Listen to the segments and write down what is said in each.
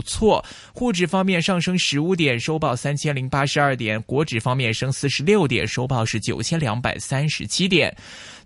不錯，滬指方面上升十五點，收報三千零八十二點；國指方面升四十六點，收報是九千兩百三十七點。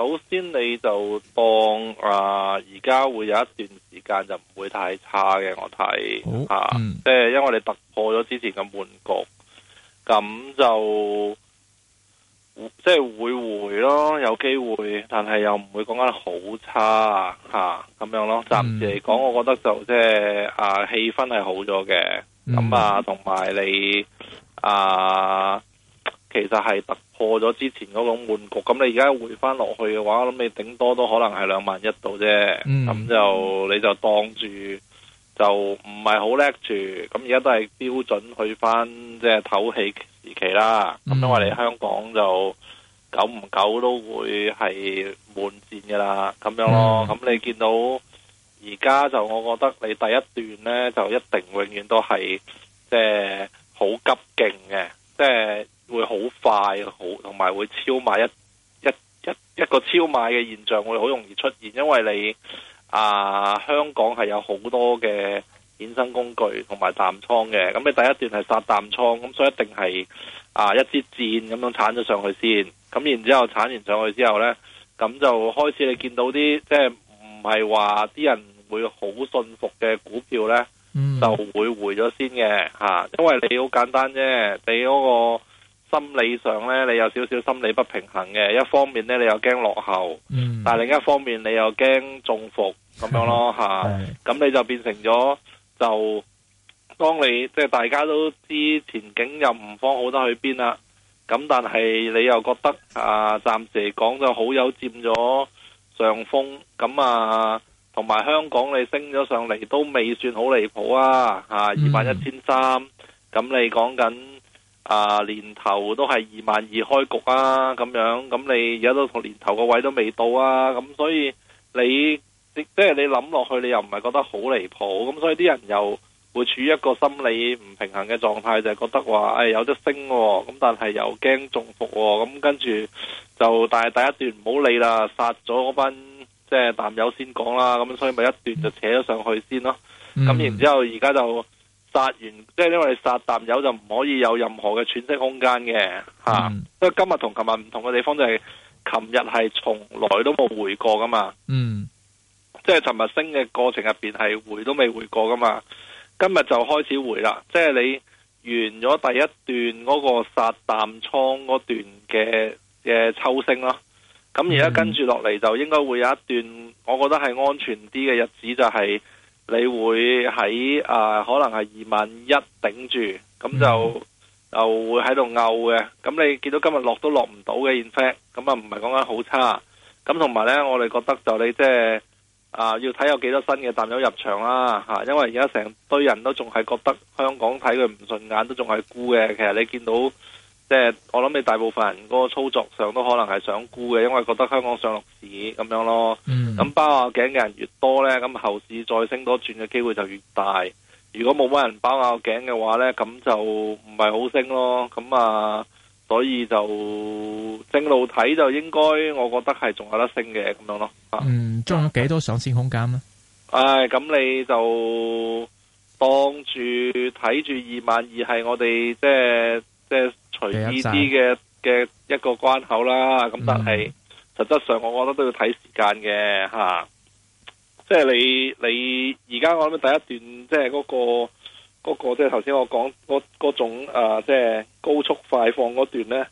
首先，你就當啊，而、呃、家會有一段時間就唔會太差嘅，我睇吓、啊嗯，即係因為你突破咗之前嘅悶局，咁就即係會回咯，有機會，但係又唔會講得好差吓，咁、啊、樣咯。暫時嚟講，我覺得就即係啊，氣氛係好咗嘅，咁、嗯、啊，同埋你啊。其實係突破咗之前嗰種悶局，咁你而家回翻落去嘅話，我諗你頂多都可能係兩萬一度啫。咁、嗯、就你就當住就唔係好叻住。咁而家都係標準去翻，即係唞氣時期啦。咁、嗯、因為你香港就久唔久都會係悶戰噶啦，咁樣咯。咁、嗯、你見到而家就，我覺得你第一段呢，就一定永遠都係即係好急勁嘅，即係。會好快，好同埋會超買一一一,一,一個超買嘅現象會好容易出現，因為你啊香港係有好多嘅衍生工具同埋淡倉嘅，咁你第一段係殺淡倉，咁所以一定係啊一支箭咁樣鏟咗上去先，咁然之後鏟完上去之後呢，咁就開始你見到啲即係唔係話啲人會好信服嘅股票呢，就會回咗先嘅吓、啊，因為你好簡單啫，你嗰、個。心理上呢，你有少少心理不平衡嘅，一方面呢，你又驚落後，嗯、但係另一方面你又驚中伏咁樣咯吓，咁、啊、你就變成咗就當你即係大家都知前景又唔方好得去邊啦，咁但係你又覺得啊，暫時講就好有佔咗上風，咁啊同埋香港你升咗上嚟都未算好離譜啊吓、啊嗯，二萬一千三，咁你講緊。啊，年頭都係二萬二開局啊，咁樣，咁你而家都同年頭個位都未到啊，咁所以你即係、就是、你諗落去，你又唔係覺得好離譜，咁所以啲人又會處於一個心理唔平衡嘅狀態，就係、是、覺得話誒、哎、有得升、哦，咁但係又驚中伏，咁跟住就但係第一段唔好理啦，殺咗嗰班即係淡友先講啦，咁所以咪一段就扯咗上去先咯，咁、嗯、然之後而家就。殺完，即係因為殺淡友就唔可以有任何嘅喘息空間嘅，吓、嗯。因為今日同琴日唔同嘅地方就係、是，琴日係從來都冇回過噶嘛。嗯，即係尋日升嘅過程入邊係回都未回過噶嘛。今日就開始回啦。即係你完咗第一段嗰個殺淡倉嗰段嘅嘅抽升咯。咁而家跟住落嚟就應該會有一段，我覺得係安全啲嘅日子就係、是。你會喺啊、呃，可能係二萬一頂住，咁就就、嗯、會喺度拗嘅。咁你見到今日落都落唔到嘅 in fact，咁啊唔係講緊好差。咁同埋呢，我哋覺得就你即係啊，要睇有幾多新嘅淡友入場啦、啊、因為而家成堆人都仲係覺得香港睇佢唔順眼，都仲係沽嘅。其實你見到。即、就、係、是、我諗，你大部分人嗰個操作上都可能係想沽嘅，因為覺得香港上落市咁樣咯。咁、嗯、包下頸嘅人越多呢，咁後市再升多轉嘅機會就越大。如果冇乜人包下頸嘅話呢，咁就唔係好升咯。咁啊，所以就正路睇就應該，我覺得係仲有得升嘅咁樣咯。嗯，仲有幾多少上升空間呢？唉、哎，咁你就當住睇住二萬二係我哋即係。即係隨意啲嘅嘅一個關口啦，咁但係、嗯、實質上我覺得都要睇時間嘅吓。即係、就是、你你而家我諗第一段即係嗰個嗰、那個即係頭先我講嗰嗰種誒即係高速快放嗰段呢，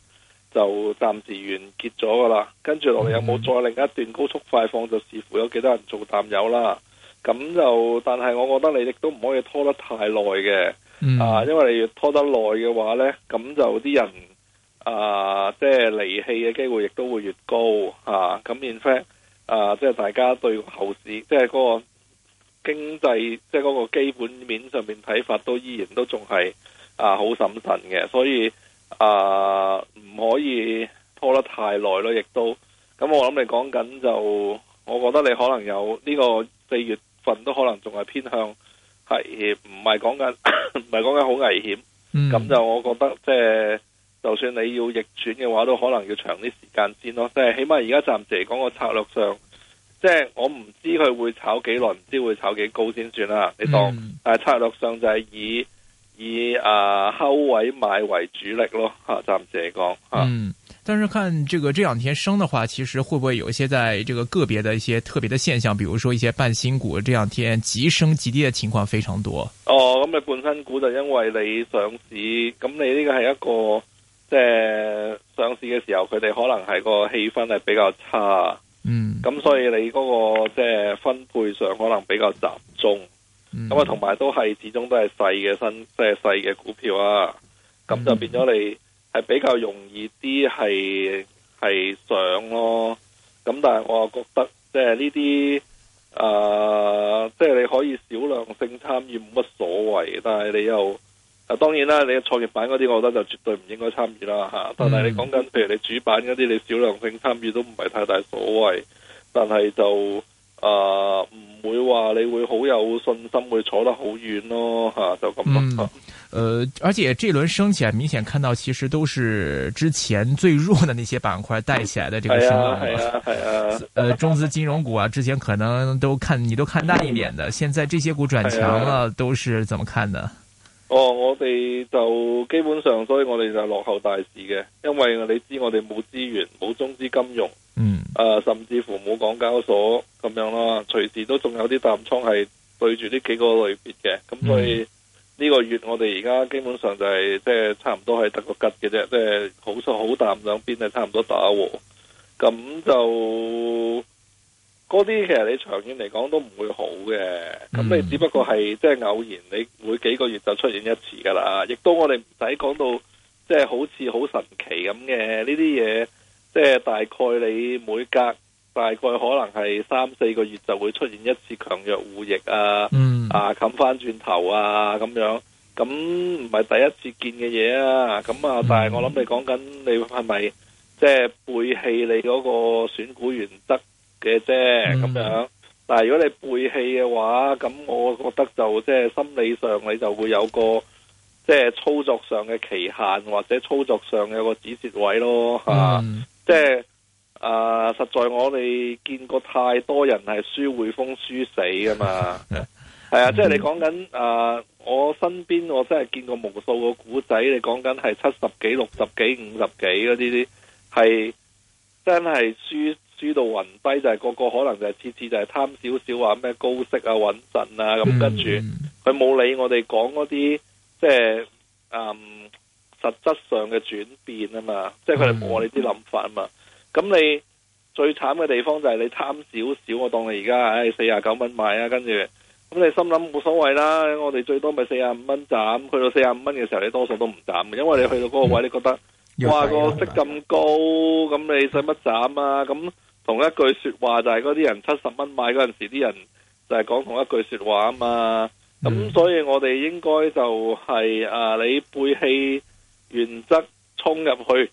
就暫時完結咗噶啦。跟住落嚟有冇再另一段高速快放，就視乎有幾多人做淡友啦。咁就但係我覺得你亦都唔可以拖得太耐嘅。嗯、啊，因為你越拖得耐嘅話呢，咁就啲人啊，即係離棄嘅機會亦都會越高啊。咁 in fact 啊，即係大家對後市，即係嗰個經濟，即係嗰個基本面上面睇法都依然都仲係啊好審慎嘅，所以啊，唔可以拖得太耐咯。亦都咁我諗你講緊就，我覺得你可能有呢個四月份都可能仲係偏向，係唔係講緊，唔係講緊好危險，咁、嗯、就我覺得即係、就是，就算你要逆轉嘅話，都可能要長啲時間先咯。即、就、係、是、起碼而家暫時嚟講個策略上，即、就、係、是、我唔知佢會炒幾耐，唔知會炒幾高先算啦。你當但係、誒、嗯、策略上就係以以誒、呃、後位買為主力咯吓，暫時嚟講吓。啊嗯但是看這個這兩天升的話，其實會不會有一些在這個個別的一些特別的現象，比如說一些半新股這兩天急升急跌的情況非常多。哦，咁你半新股就因為你上市，咁你呢個係一個即、呃、上市嘅時候，佢哋可能係個氣氛係比較差，嗯，咁所以你嗰、那個即、就是、分配上可能比較集中，咁、嗯、啊，同埋都係始終都係細嘅新即係細嘅股票啊，咁就變咗你。嗯係比較容易啲，係係上咯。咁但係我覺得，即係呢啲啊，即係，呃，即係你可以少量性參與冇乜所謂。但係你又啊，當然啦，你嘅創業板嗰啲，我覺得就絕對唔應該參與啦嚇、嗯。但係你講緊譬如你主板嗰啲，你少量性參與都唔係太大所謂，但係就。啊、呃，唔會話你會好有信心會坐得好遠咯吓，就咁咯。嗯、呃，而且這輪升起來，明顯看到其實都是之前最弱的那些板塊帶起來的。這個升幅啊係啊係啊。啊啊呃、中資金融股啊，之前可能都看你都看淡一點的，現在這些股轉強了，都是怎麼看的？哦，我哋就基本上，所以我哋就落後大市嘅，因為你知我哋冇資源，冇中資金融，嗯，誒、啊，甚至乎冇港交所咁樣啦，隨時都仲有啲淡倉係對住呢幾個類別嘅，咁所以呢個月我哋而家基本上就係即係差唔多係得個吉嘅啫，即係好好淡兩邊係差唔多打和，咁就。嗰啲其實你長遠嚟講都唔會好嘅，咁、嗯、你只不過係即係偶然，你每幾個月就出現一次噶啦。亦都我哋唔使講到即係、就是、好似好神奇咁嘅呢啲嘢，即係、就是、大概你每隔大概可能係三四個月就會出現一次強弱互易啊，嗯、啊冚翻轉頭啊咁樣，咁唔係第一次見嘅嘢啊。咁啊，嗯、但係我諗你講緊你係咪即係背棄你嗰個選股原則？嘅、嗯、啫，咁樣。但係如果你背棄嘅話，咁我覺得就即係、就是、心理上你就會有個，即、就、係、是、操作上嘅期限，或者操作上有個止蝕位咯吓。即、嗯、係啊、就是呃，實在我哋見過太多人係輸匯豐輸死噶嘛。係、 嗯、啊，即、就、係、是、你講緊啊，我身邊我真係見過無數個古仔，你講緊係七十幾、六十幾、五十幾嗰啲啲，係真係輸。豬到暈低就係、是、個個可能就係次次就係貪少少話咩高息啊穩陣啊咁，跟住佢冇理我哋講嗰啲即係、嗯、實質上嘅轉變啊嘛，即係佢哋冇我哋啲諗法啊嘛。咁、嗯、你最慘嘅地方就係你貪少少，我當你而家，唉四十九蚊買啊，跟住咁你心諗冇所謂啦。我哋最多咪四十五蚊斬，去到四十五蚊嘅時候，你多數都唔斬嘅，因為你去到嗰個位、嗯，你覺得哇、嗰個息咁高，咁你使乜斬啊咁？同一句説話就係嗰啲人七十蚊買嗰陣時，啲人就係講同一句説話啊嘛。咁、嗯、所以我哋應該就係、是、啊，你背棄原則衝入去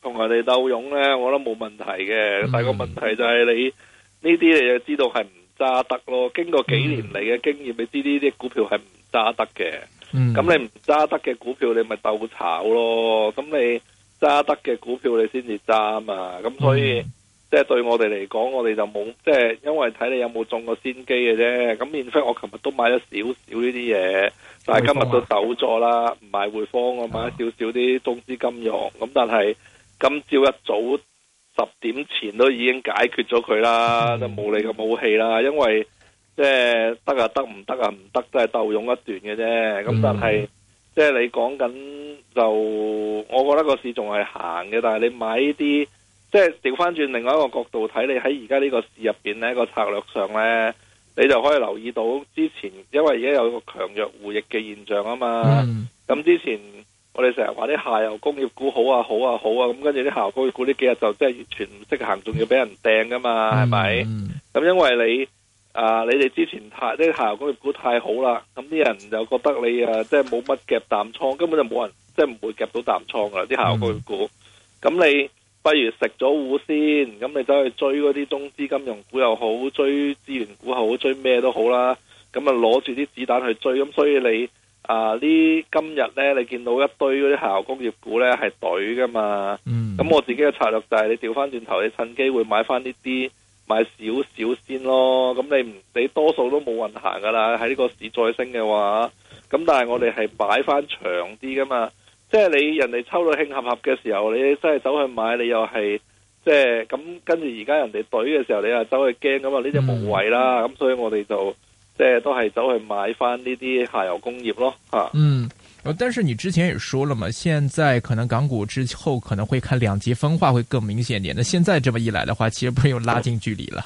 同人哋鬥勇呢。我覺得冇問題嘅、嗯。但係個問題就係你呢啲，這些你就知道係唔揸得咯。經過幾年嚟嘅經驗，嗯、你知呢啲股票係唔揸得嘅。咁、嗯、你唔揸得嘅股票，你咪鬥炒咯。咁你揸得嘅股票，你先至揸啊。咁所以。嗯即係對我哋嚟講，我哋就冇即係，因為睇你有冇中過先機嘅啫。咁免費，我琴日都買咗少少呢啲嘢，但係今日都走咗啦。唔、啊、買匯豐，我買少少啲中資金融。咁、yeah. 但係今朝一早十點前都已經解決咗佢啦，mm. 就冇你嘅武器啦。因為即係得啊，啊，得唔得啊？唔得都係鬥勇一段嘅啫。咁、mm. 但係即係你講緊就，我覺得個市仲係行嘅，但係你買呢啲。即係調翻轉，另外一個角度睇，你喺而家呢個市入邊呢、呢個策略上呢，你就可以留意到之前，因為而家有一個強弱互易嘅現象啊嘛。咁、嗯、之前我哋成日話啲下游工業股好啊好啊好啊，咁跟住啲下游工業股呢幾日就即係全唔識行，仲要俾人掟，噶嘛，係、嗯、咪？咁、嗯嗯、因為你啊、呃，你哋之前太啲下游工業股太好啦，咁啲人就覺得你啊，即係冇乜夾淡倉，根本就冇人即係唔會夾到淡倉噶啦，啲下游工業股。咁、嗯、你不如食咗糊先，咁你走去追嗰啲中資金融股又好，追資源股又好，追咩都好啦。咁啊攞住啲子彈去追，咁所以你啊呢今日呢，你見到一堆嗰啲下游工業股呢係懟噶嘛。咁、嗯、我自己嘅策略就係、是、你調翻轉頭，你趁機會買翻呢啲，買少少先咯。咁你唔你多數都冇運行噶啦，喺呢個市再升嘅話，咁但係我哋係擺翻長啲噶嘛。即係你人哋抽到興合合嘅時候，你真係走去買，你又係即係咁跟住而家人哋懟嘅時候，你又走去驚咁啊？呢隻無謂啦，咁、嗯、所以我哋就即係都係走去買翻呢啲下游工業咯吓。嗯，但是你之前也說了嘛，現在可能港股之後可能會看兩極分化會更明顯啲，那現在這麼一來的話，其實不是又拉近距離啦？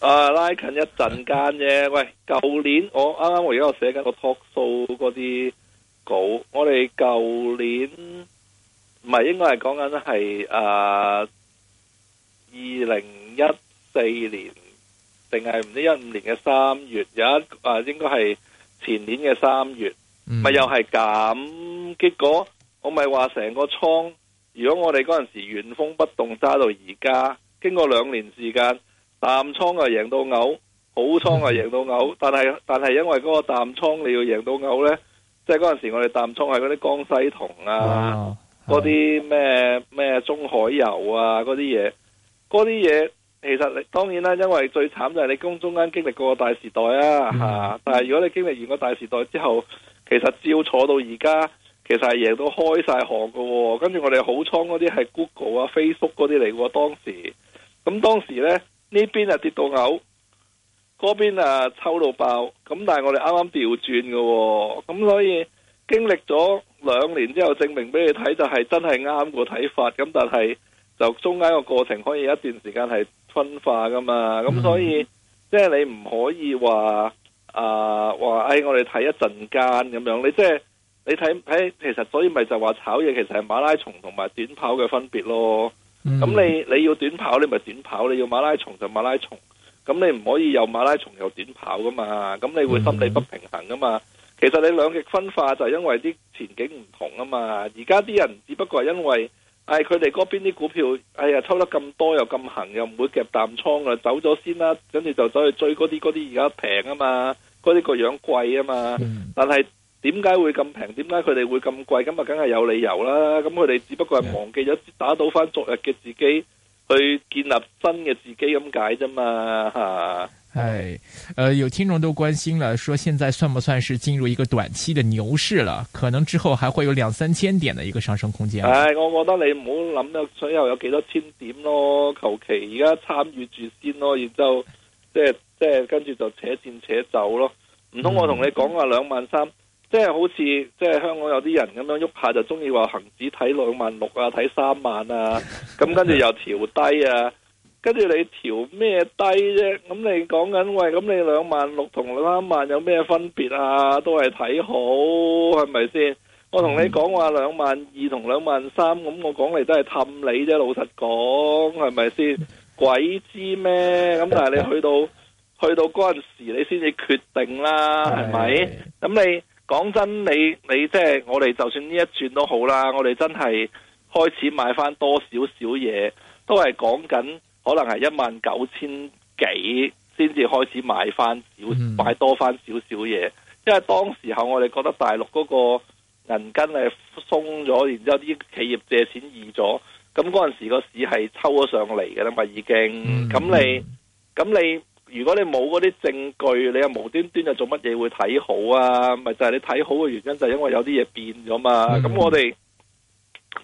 啊，拉近一陣間啫。喂，舊年我啱啱我而家寫緊個 talk show 嗰啲。稿，我哋舊年唔係應該係講緊係誒二零一四年定係唔知一五年嘅三月，有一誒、呃、應該係前年嘅三月，咪、嗯、又係咁。結果我咪話成個倉，如果我哋嗰陣時原封不動揸到而家，經過兩年時間，淡倉啊贏到嘔，好倉啊贏到嘔，但係但係因為嗰個淡倉你要贏到嘔呢。即係嗰陣時，我哋淡倉係嗰啲江西銅啊，嗰啲咩咩中海油啊，嗰啲嘢，嗰啲嘢其實你當然啦，因為最慘就係你中中間經歷過個大時代啊吓、嗯啊，但係如果你經歷完個大時代之後，其實照坐到而家，其實係贏到開晒行噶，跟住我哋好倉嗰啲係 Google 啊、Facebook 嗰啲嚟噶，當時，咁當時呢，呢邊呢邊啊跌到嘔。嗰邊啊，抽到爆咁，但係我哋啱啱調轉嘅、哦，咁所以經歷咗兩年之後，證明俾你睇就係真係啱個睇法。咁但係就中間個過程可以一段時間係分化噶嘛。咁、嗯、所以即係、即係、你唔可以話啊話誒，我哋睇一陣間咁樣。你即、就、係、係、你睇睇，其實所以咪就話炒嘢其實係馬拉松同埋短跑嘅分別咯。咁、嗯、你你要短跑你咪短跑，你要馬拉松就馬拉松。咁你唔可以又馬拉松又短跑噶嘛？咁你會心理不平衡噶嘛？其實你兩極分化就係因為啲前景唔同啊嘛。而家啲人只不過係因為，唉、哎，佢哋嗰邊啲股票，哎呀，抽得咁多又咁行，又唔會夾淡倉噶，走咗先啦，跟住就走去追嗰啲嗰啲而家平啊嘛，嗰啲個樣貴啊嘛。但係點解會咁平？點解佢哋會咁貴？咁啊，梗係有理由啦。咁佢哋只不過係忘記咗打倒返昨日嘅自己。去建立新嘅自己咁解啫嘛吓，係，誒，有聽眾都關心啦，說現在算不算是進入一個短期的牛市了？可能之後還會有兩三千點的一個上升空間。誒、哎，我覺得你唔好諗到最後有幾多千點咯，求其而家參與住先咯，然後就即係即係跟住就且戰且走咯，唔通我同你講話兩萬三？即係好似即係香港有啲人咁樣喐下就中意話恒指睇兩萬六啊，睇三萬啊，咁跟住又調低啊，跟 住你調咩低啫？咁你講緊喂，咁你兩萬六同兩萬有咩分別啊？都係睇好，係咪先？我同你講話兩萬二同兩萬三，咁我講嚟都係氹你啫，老實講，係咪先？鬼知咩？咁但係你去到 去到嗰陣時，你先至決定啦，係咪？咁 你。講真，你你即係我哋，就算呢一轉都好啦，我哋真係開始買翻多少少嘢，都係講緊可能係一萬九千幾先至開始買翻少、嗯、買多翻少少嘢，因為當時候我哋覺得大陸嗰個銀根係鬆咗，然之後啲企業借錢易咗，咁嗰陣時個市係抽咗上嚟嘅啦嘛，已經咁你咁你。如果你冇嗰啲證據，你又無端端又做乜嘢會睇好啊？咪就係你睇好嘅原因，就係因為有啲嘢變咗嘛。咁、嗯、我哋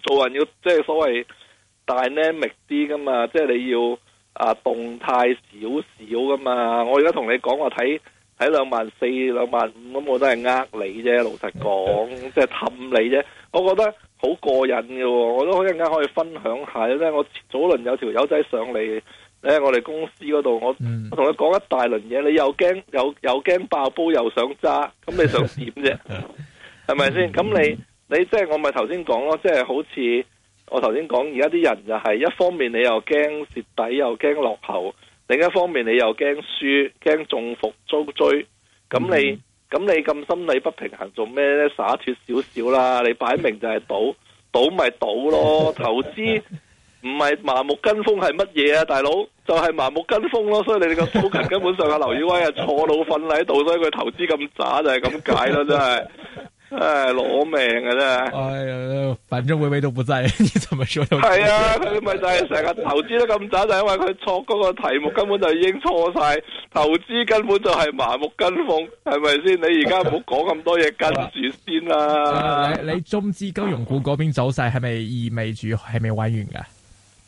做人要即係、就是、所謂 dynamic 啲噶嘛，即、就、係、是、你要啊動態少少噶嘛。我而家同你講話睇睇兩萬四、兩萬五，咁我都係呃你啫。老實講，即係氹你啫。我覺得好過癮嘅、哦，我都可以一陣間可以分享一下咧。我早輪有條友仔上嚟。你喺我哋公司嗰度，我我同你講一大輪嘢，你又驚又又驚爆煲，又想揸，咁你想點啫？係咪先？咁你你即係我咪頭先講咯，即係好似我頭先講，而家啲人就係一方面你又驚蝕底，又驚落後；另一方面你又驚輸，驚中伏遭追。咁你咁 你咁心理不平衡做咩咧？灑脫少少啦，你擺明就係賭， 賭咪賭咯，投資。 唔係盲目跟風係乜嘢啊，大佬就係盲目跟風咯，所以你哋個蘇琴根本上阿劉宇威啊坐老瞓喺度，所以佢投資咁渣就係咁解咯，真係唉攞命啊真係！哎呀，反正薇薇都不在，你怎麼說都係啊！佢咪就係成日投資得咁渣， 就係因為佢錯嗰個題目根本就已經錯晒，投資根本就係盲目跟風，係咪先？你而家唔好講咁多嘢，跟住先啦、啊啊。你中資金融股嗰邊走勢係咪意味住係咪玩完噶？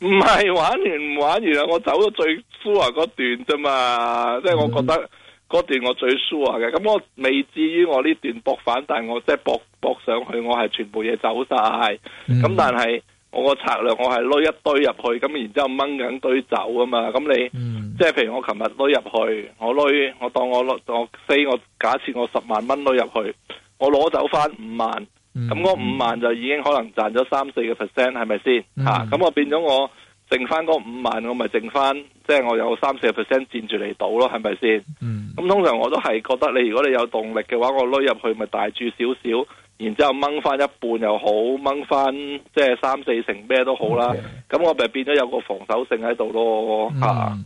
唔係玩完唔玩完啊！我走咗最 sure 嗰段啫嘛，即係我覺得嗰段我最 sure 嘅。咁我未至於我呢段博反，但係我即係博博上去，我係全部嘢走晒。咁、嗯、但係我個策略我係攞一堆入去，咁然之後掹兩堆走啊嘛。咁你、嗯、即係譬如我琴日攞入去，我攞我當我攞當四，我假設我十萬蚊攞入去，我攞走翻五萬。咁嗰五萬就已經可能賺咗三四個 percent，係咪先？吓，咁、嗯啊、我變咗我剩翻嗰五萬，我咪剩翻，即、就、係、是、我有三四個 percent 佔住嚟賭咯，係咪先？嗯，咁通常我都係覺得你，你如果你有動力嘅話，我摳入去咪大住少少，然之後掹翻一半又好，掹翻即係三四成咩都好啦，咁、okay. 我咪變咗有個防守性喺度咯，吓、啊。嗯